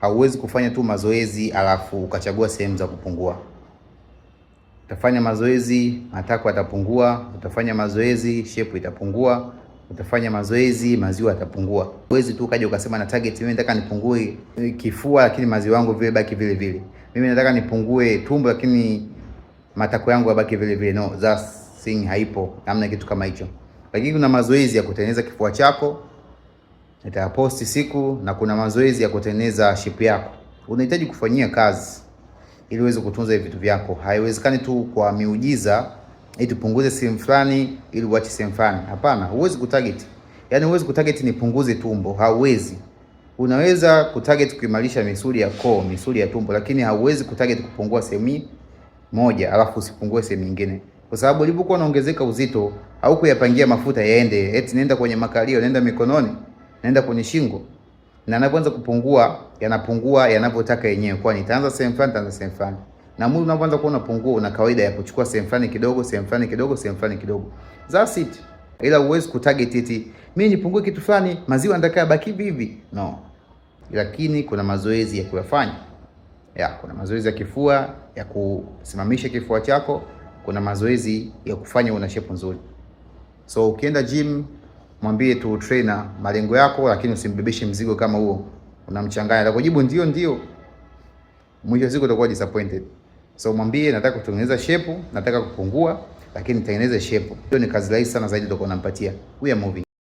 hauwezi kufanya tu mazoezi alafu ukachagua sehemu za kupungua. Utafanya mazoezi matako yatapungua, utafanya mazoezi shepu itapungua, utafanya mazoezi maziwa yatapungua. Huwezi tu kaja ukasema na target, mimi nataka nipungue kifua lakini maziwa yangu vile baki vile vile, mimi nataka nipungue tumbo lakini matako yangu yabaki vile vile. No, that thing haipo, namna kitu kama hicho. Lakini kuna mazoezi ya kutengeneza kifua chako nitaposti siku na kuna mazoezi ya kutengeneza ship yako. Unahitaji kufanyia kazi ili uweze kutunza vitu vyako. Haiwezekani tu kwa miujiza eti punguze sehemu fulani ili uache sehemu fulani. Hapana, huwezi kutarget. Yaani huwezi kutarget nipunguze tumbo, hauwezi. Unaweza kutarget kuimarisha misuli ya koo, misuli ya tumbo, lakini hauwezi kutarget kupungua sehemu moja alafu usipungue sehemu nyingine. Kwa sababu ulipokuwa unaongezeka uzito, haukuyapangia mafuta yaende, eti nenda kwenye makalio, nenda mikononi naenda kwenye shingo, na anapoanza kupungua yanapungua yanapotaka yenyewe, kwa nitaanza sehemu fulani, nitaanza sehemu fulani, na mwili unapoanza kuwa pungua, una kawaida ya kuchukua sehemu fulani kidogo, sehemu fulani kidogo, sehemu fulani kidogo, that's it. Ila uwezi kutarget eti mimi nipungue kitu fulani, maziwa nataka yabaki hivi, no. Lakini kuna mazoezi ya kuyafanya ya, kuna mazoezi ya kifua ya kusimamisha kifua chako, kuna mazoezi ya kufanya una shape nzuri. So ukienda gym mwambie tu trainer malengo yako, lakini usimbebeshe mzigo kama huo unamchanganya. Atakujibu ndio ndio, mwisho siku utakuwa disappointed. So mwambie nataka kutengeneza shepu, nataka kupungua, lakini tengeneze shepu. Hiyo ni kazi rahisi sana zaidi utakuwa unampatia. We are moving.